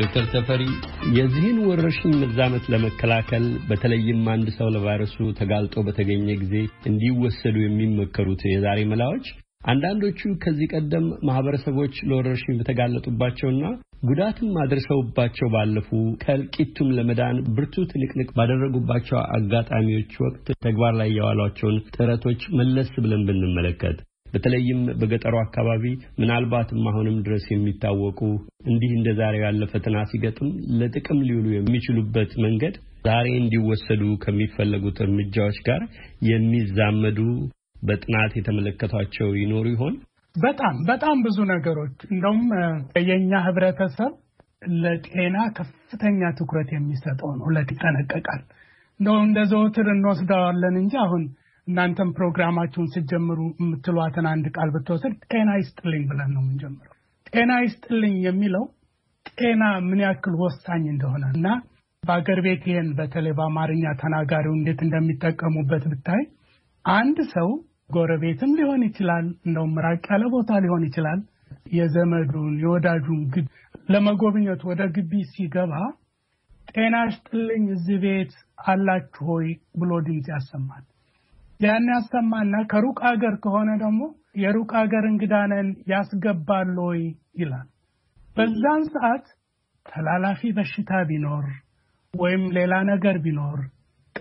ዶክተር ተፈሪ የዚህን ወረርሽኝ መዛመት ለመከላከል በተለይም አንድ ሰው ለቫይረሱ ተጋልጦ በተገኘ ጊዜ እንዲወሰዱ የሚመከሩት የዛሬ መላዎች አንዳንዶቹ ከዚህ ቀደም ማህበረሰቦች ለወረርሽኝ በተጋለጡባቸውና ጉዳትም አድርሰውባቸው ባለፉ ከእልቂቱም ለመዳን ብርቱ ትንቅንቅ ባደረጉባቸው አጋጣሚዎች ወቅት ተግባር ላይ የዋሏቸውን ጥረቶች መለስ ብለን ብንመለከት በተለይም በገጠሩ አካባቢ ምናልባትም አሁንም ድረስ የሚታወቁ እንዲህ እንደ ዛሬው ያለ ፈተና ሲገጥም ለጥቅም ሊውሉ የሚችሉበት መንገድ ዛሬ እንዲወሰዱ ከሚፈለጉት እርምጃዎች ጋር የሚዛመዱ በጥናት የተመለከቷቸው ይኖሩ ይሆን? በጣም በጣም ብዙ ነገሮች እንደውም የእኛ ህብረተሰብ ለጤና ከፍተኛ ትኩረት የሚሰጠው ነው፣ ለጤና ይጠነቀቃል። እንደውም እንደ ዘወትር እንወስደዋለን እንጂ አሁን እናንተም ፕሮግራማችሁን ስትጀምሩ የምትሏትን አንድ ቃል ብትወስድ ጤና ይስጥልኝ ብለን ነው የምንጀምረው። ጤና ይስጥልኝ የሚለው ጤና ምን ያክል ወሳኝ እንደሆነ እና በአገር ቤት ይህን በተለይ በአማርኛ ተናጋሪው እንዴት እንደሚጠቀሙበት ብታይ አንድ ሰው ጎረቤትም ሊሆን ይችላል፣ እንደውም ራቅ ያለ ቦታ ሊሆን ይችላል። የዘመዱን የወዳጁን ግ ለመጎብኘት ወደ ግቢ ሲገባ ጤና ይስጥልኝ እዚህ ቤት አላችሁ ሆይ ብሎ ድምፅ ያሰማል። ያን ያሰማና ከሩቅ አገር ከሆነ ደግሞ የሩቅ አገር እንግዳነን ያስገባል ወይ ይላል። በዛን ሰዓት ተላላፊ በሽታ ቢኖር ወይም ሌላ ነገር ቢኖር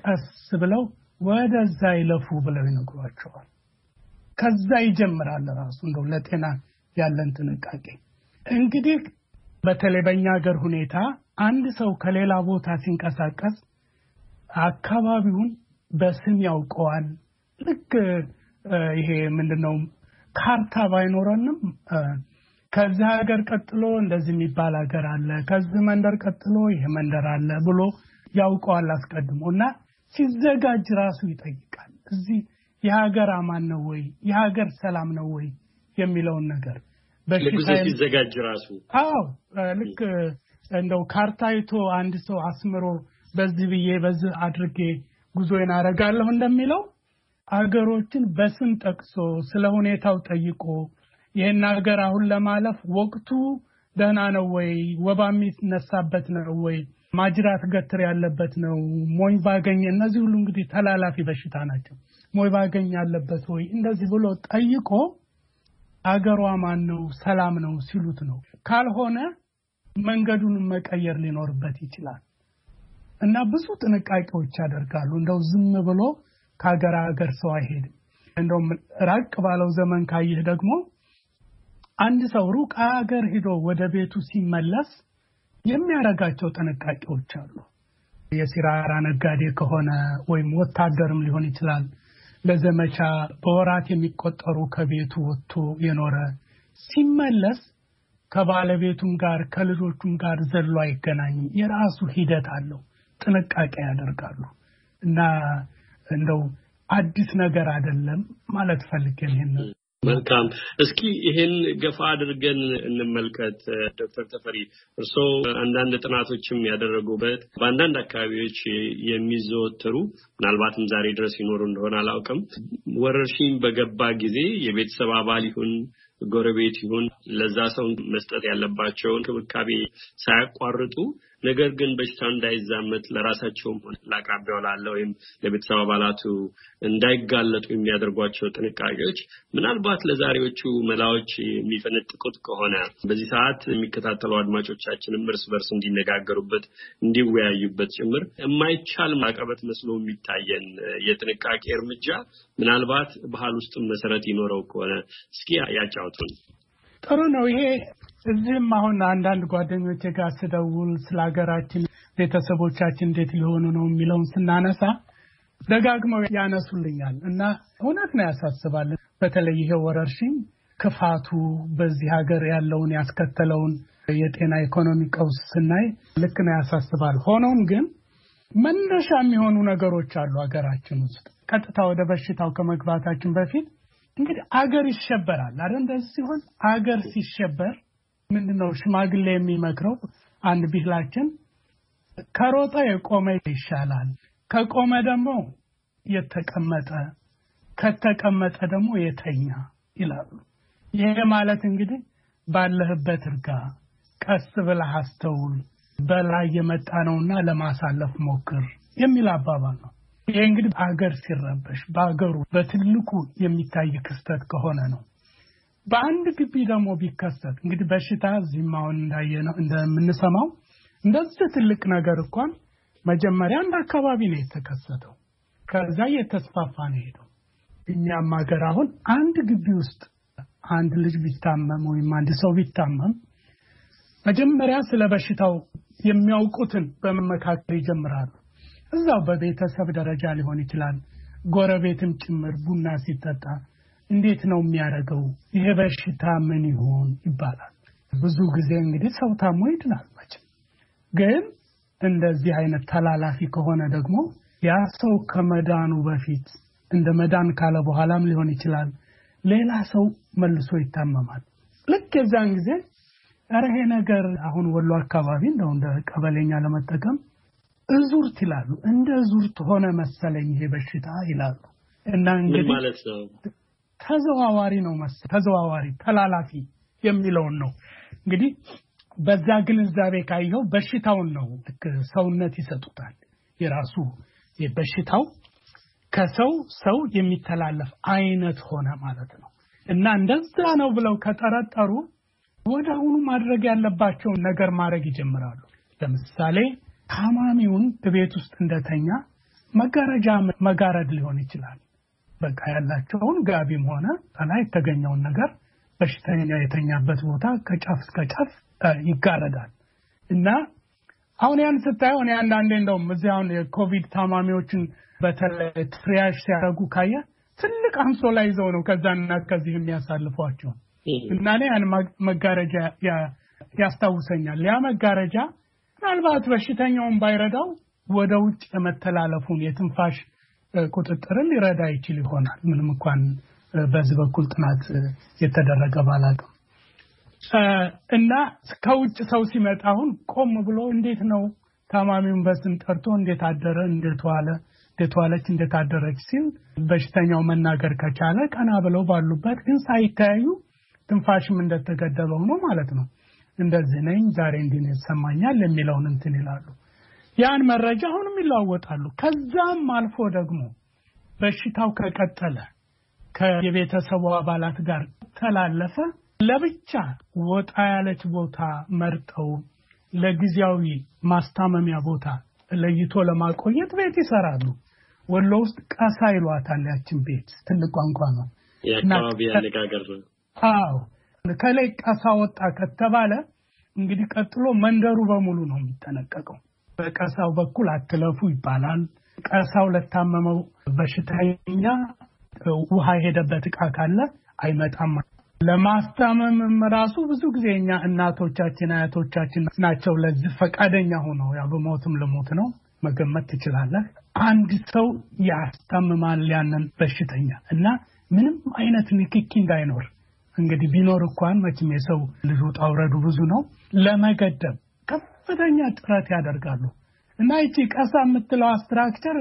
ቀስ ብለው ወደዛ ይለፉ ብለው ይነግሯቸዋል። ከዛ ይጀምራል ራሱ እንደው ለጤና ያለን ጥንቃቄ እንግዲህ በተለይ በእኛ ሀገር ሁኔታ አንድ ሰው ከሌላ ቦታ ሲንቀሳቀስ አካባቢውን በስም ያውቀዋል፣ ልክ ይሄ ምንድነው ካርታ ባይኖረንም ከዚህ ሀገር ቀጥሎ እንደዚህ የሚባል ሀገር አለ፣ ከዚህ መንደር ቀጥሎ ይሄ መንደር አለ ብሎ ያውቀዋል አስቀድሞ እና ሲዘጋጅ ራሱ ይጠይቃል። እዚህ የሀገር አማን ነው ወይ የሀገር ሰላም ነው ወይ የሚለውን ነገር ሲዘጋጅ ራሱ አዎ፣ ልክ እንደው ካርታይቶ አንድ ሰው አስምሮ በዚህ ብዬ በዚህ አድርጌ ጉዞ አደርጋለሁ እንደሚለው አገሮችን በስም ጠቅሶ ስለ ሁኔታው ጠይቆ ይህን ሀገር አሁን ለማለፍ ወቅቱ ደህና ነው ወይ? ወባ የሚነሳበት ነው ወይ? ማጅራት ገትር ያለበት ነው? ሞኝ ባገኝ፣ እነዚህ ሁሉ እንግዲህ ተላላፊ በሽታ ናቸው። ሞኝ ባገኝ ያለበት ወይ? እንደዚህ ብሎ ጠይቆ አገሯ ማን ነው ሰላም ነው ሲሉት ነው። ካልሆነ መንገዱን መቀየር ሊኖርበት ይችላል እና ብዙ ጥንቃቄዎች ያደርጋሉ። እንደው ዝም ብሎ ከሀገር ሀገር ሰው አይሄድም። እንደውም ራቅ ባለው ዘመን ካየህ ደግሞ አንድ ሰው ሩቅ ሀገር ሂዶ ወደ ቤቱ ሲመለስ የሚያደርጋቸው ጥንቃቄዎች አሉ። የሲራራ ነጋዴ ከሆነ ወይም ወታደርም ሊሆን ይችላል። ለዘመቻ በወራት የሚቆጠሩ ከቤቱ ወጥቶ የኖረ ሲመለስ ከባለቤቱም ጋር ከልጆቹም ጋር ዘሎ አይገናኝም። የራሱ ሂደት አለው። ጥንቃቄ ያደርጋሉ እና እንደው አዲስ ነገር አይደለም ማለት ፈልገን ይሄን መልካም እስኪ ይህን ገፋ አድርገን እንመልከት። ዶክተር ተፈሪ እርስዎ አንዳንድ ጥናቶችም ያደረጉበት በአንዳንድ አካባቢዎች የሚዘወትሩ ምናልባትም ዛሬ ድረስ ይኖሩ እንደሆነ አላውቅም፣ ወረርሽኝ በገባ ጊዜ የቤተሰብ አባል ይሁን ጎረቤት ይሁን ለዛ ሰው መስጠት ያለባቸውን ክብካቤ ሳያቋርጡ ነገር ግን በሽታ እንዳይዛመት ለራሳቸውም ሆነ ለአቅራቢያው ላለ ወይም ለቤተሰብ አባላቱ እንዳይጋለጡ የሚያደርጓቸው ጥንቃቄዎች ምናልባት ለዛሬዎቹ መላዎች የሚፈነጥቁት ከሆነ በዚህ ሰዓት የሚከታተሉ አድማጮቻችንም እርስ በርስ እንዲነጋገሩበት እንዲወያዩበት ጭምር የማይቻል ማቀበት መስሎ የሚታየን የጥንቃቄ እርምጃ ምናልባት ባህል ውስጥም መሰረት ይኖረው ከሆነ እስኪ ያጫውቱን። ጥሩ ነው። ይሄ እዚህም አሁን አንዳንድ ጓደኞች ጋር ስደውል ስለ ሀገራችን ቤተሰቦቻችን እንዴት ሊሆኑ ነው የሚለውን ስናነሳ ደጋግመው ያነሱልኛል እና እውነት ነው ያሳስባል። በተለይ ይሄ ወረርሽኝ ክፋቱ በዚህ ሀገር ያለውን ያስከተለውን የጤና ኢኮኖሚ ቀውስ ስናይ ልክ ነው ያሳስባል። ሆኖም ግን መነሻ የሚሆኑ ነገሮች አሉ ሀገራችን ውስጥ ቀጥታ ወደ በሽታው ከመግባታችን በፊት እንግዲህ አገር ይሸበራል አይደል? እንደዚህ ሲሆን አገር ሲሸበር ምንድን ነው ሽማግሌ የሚመክረው አንድ ቢላችን ከሮጠ የቆመ ይሻላል፣ ከቆመ ደግሞ የተቀመጠ፣ ከተቀመጠ ደግሞ የተኛ ይላሉ። ይሄ ማለት እንግዲህ ባለህበት እርጋ፣ ቀስ ብለህ አስተውል፣ በላይ የመጣ ነውና ለማሳለፍ ሞክር የሚል አባባል ነው። ይሄ እንግዲህ አገር ሲረበሽ በአገሩ በትልቁ የሚታይ ክስተት ከሆነ ነው። በአንድ ግቢ ደግሞ ቢከሰት እንግዲህ በሽታ እዚህም አሁን እንዳየ ነው እንደምንሰማው እንደዚህ ትልቅ ነገር እንኳን መጀመሪያ አንድ አካባቢ ነው የተከሰተው። ከዛ እየተስፋፋ ነው ሄደው። እኛም ሀገር አሁን አንድ ግቢ ውስጥ አንድ ልጅ ቢታመም ወይም አንድ ሰው ቢታመም መጀመሪያ ስለ በሽታው የሚያውቁትን በመመካከል ይጀምራሉ። እዛው በቤተሰብ ደረጃ ሊሆን ይችላል፣ ጎረቤትም ጭምር ቡና ሲጠጣ እንዴት ነው የሚያደርገው? ይሄ በሽታ ምን ይሆን ይባላል። ብዙ ጊዜ እንግዲህ ሰው ታሞ ይድናል። መቼም ግን እንደዚህ አይነት ተላላፊ ከሆነ ደግሞ ያ ሰው ከመዳኑ በፊት እንደ መዳን ካለ በኋላም ሊሆን ይችላል፣ ሌላ ሰው መልሶ ይታመማል። ልክ የዛን ጊዜ ኧረ ይሄ ነገር አሁን ወሎ አካባቢ እንደው እንደ ቀበሌኛ ለመጠቀም እዙርት ይላሉ። እንደ እዙርት ሆነ መሰለኝ ይሄ በሽታ ይላሉ እና እንግዲህ ተዘዋዋሪ ነው መሰለኝ። ተዘዋዋሪ ተላላፊ የሚለውን ነው እንግዲህ በዛ ግንዛቤ ካየው በሽታውን ነው ልክ ሰውነት ይሰጡታል። የራሱ በሽታው ከሰው ሰው የሚተላለፍ አይነት ሆነ ማለት ነው እና እንደዛ ነው ብለው ከጠረጠሩ ወደ አሁኑ ማድረግ ያለባቸውን ነገር ማድረግ ይጀምራሉ። ለምሳሌ ታማሚውን ቤት ውስጥ እንደተኛ መጋረጃ መጋረድ ሊሆን ይችላል። በቃ ያላቸውን ጋቢም ሆነ ከላይ የተገኘውን ነገር በሽተኛ የተኛበት ቦታ ከጫፍ እስከ ጫፍ ይጋረዳል እና አሁን ያን ስታየው እኔ አንዳንዴ እንደውም እዚ አሁን የኮቪድ ታማሚዎችን በተለይ ትሪያሽ ሲያደርጉ ካየ ትልቅ አንሶላ ይዘው ነው ከዛና ከዚህ የሚያሳልፏቸው እና እኔ ያን መጋረጃ ያስታውሰኛል። ያ መጋረጃ ምናልባት በሽተኛውን ባይረዳው ወደ ውጭ የመተላለፉን የትንፋሽ ቁጥጥርን ሊረዳ ይችል ይሆናል። ምንም እንኳን በዚህ በኩል ጥናት የተደረገ ባላቅም እና ከውጭ ሰው ሲመጣ አሁን ቆም ብሎ እንዴት ነው ታማሚውን በስም ጠርቶ እንዴት አደረ፣ እንዴት ዋለ፣ እንዴት ዋለች፣ እንዴት አደረች ሲል በሽተኛው መናገር ከቻለ ቀና ብለው ባሉበት ግን ሳይተያዩ ትንፋሽም እንደተገደበው ነው ማለት ነው። እንደዚህ ነኝ ዛሬ እንዲህ ይሰማኛል የሚለውን እንትን ይላሉ። ያን መረጃ አሁንም ይለዋወጣሉ። ከዛም አልፎ ደግሞ በሽታው ከቀጠለ ከየቤተሰቡ አባላት ጋር ተላለፈ፣ ለብቻ ወጣ ያለች ቦታ መርጠው ለጊዜያዊ ማስታመሚያ ቦታ ለይቶ ለማቆየት ቤት ይሰራሉ። ወሎ ውስጥ ቀሳ ይሏታል። ያችን ቤት ትልቅ ቋንቋ ነው። የአካባቢ አነጋገር ነው። አዎ ከላይ ቀሳ ወጣ ከተባለ እንግዲህ ቀጥሎ መንደሩ በሙሉ ነው የሚጠነቀቀው። በቀሳው በኩል አትለፉ ይባላል። ቀሳው ለታመመው በሽተኛ ውሃ የሄደበት እቃ ካለ አይመጣም። ለማስታመምም ራሱ ብዙ ጊዜ እኛ እናቶቻችን አያቶቻችን ናቸው ለዚህ ፈቃደኛ ሆነው ያው በሞትም ልሞት ነው መገመት ትችላለህ። አንድ ሰው ያስታምማል ያንን በሽተኛ እና ምንም አይነት ንክኪ እንዳይኖር እንግዲህ ቢኖር እንኳን መቼም የሰው ልጅ ውጣ ውረዱ ብዙ ነው ለመገደብ ከፍተኛ ጥረት ያደርጋሉ። እና ይቺ ቀሳ የምትለው ስትራክቸር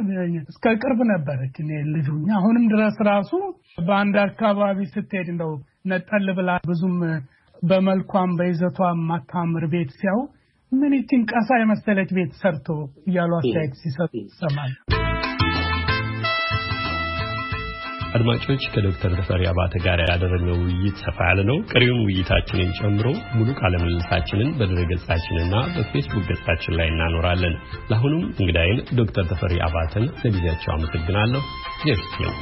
እስከ ቅርብ ነበረች። እኔ ልጁ አሁንም ድረስ ራሱ በአንድ አካባቢ ስትሄድ እንደው ነጠል ብላ ብዙም በመልኳም በይዘቷ የማታምር ቤት ሲያው ምን ይቺን ቀሳ የመሰለች ቤት ሰርቶ እያሉ አስተያየት ሲሰጡ ይሰማል። አድማጮች ከዶክተር ተፈሪ አባተ ጋር ያደረግነው ውይይት ሰፋ ያለ ነው። ቀሪውን ውይይታችንን ጨምሮ ሙሉ ቃለምልልሳችንን በድረገጻችንና በፌስቡክ ገጻችን ላይ እናኖራለን። ለአሁኑም እንግዳይን ዶክተር ተፈሪ አባተን ለጊዜያቸው አመሰግናለሁ። ጊዜ ነው።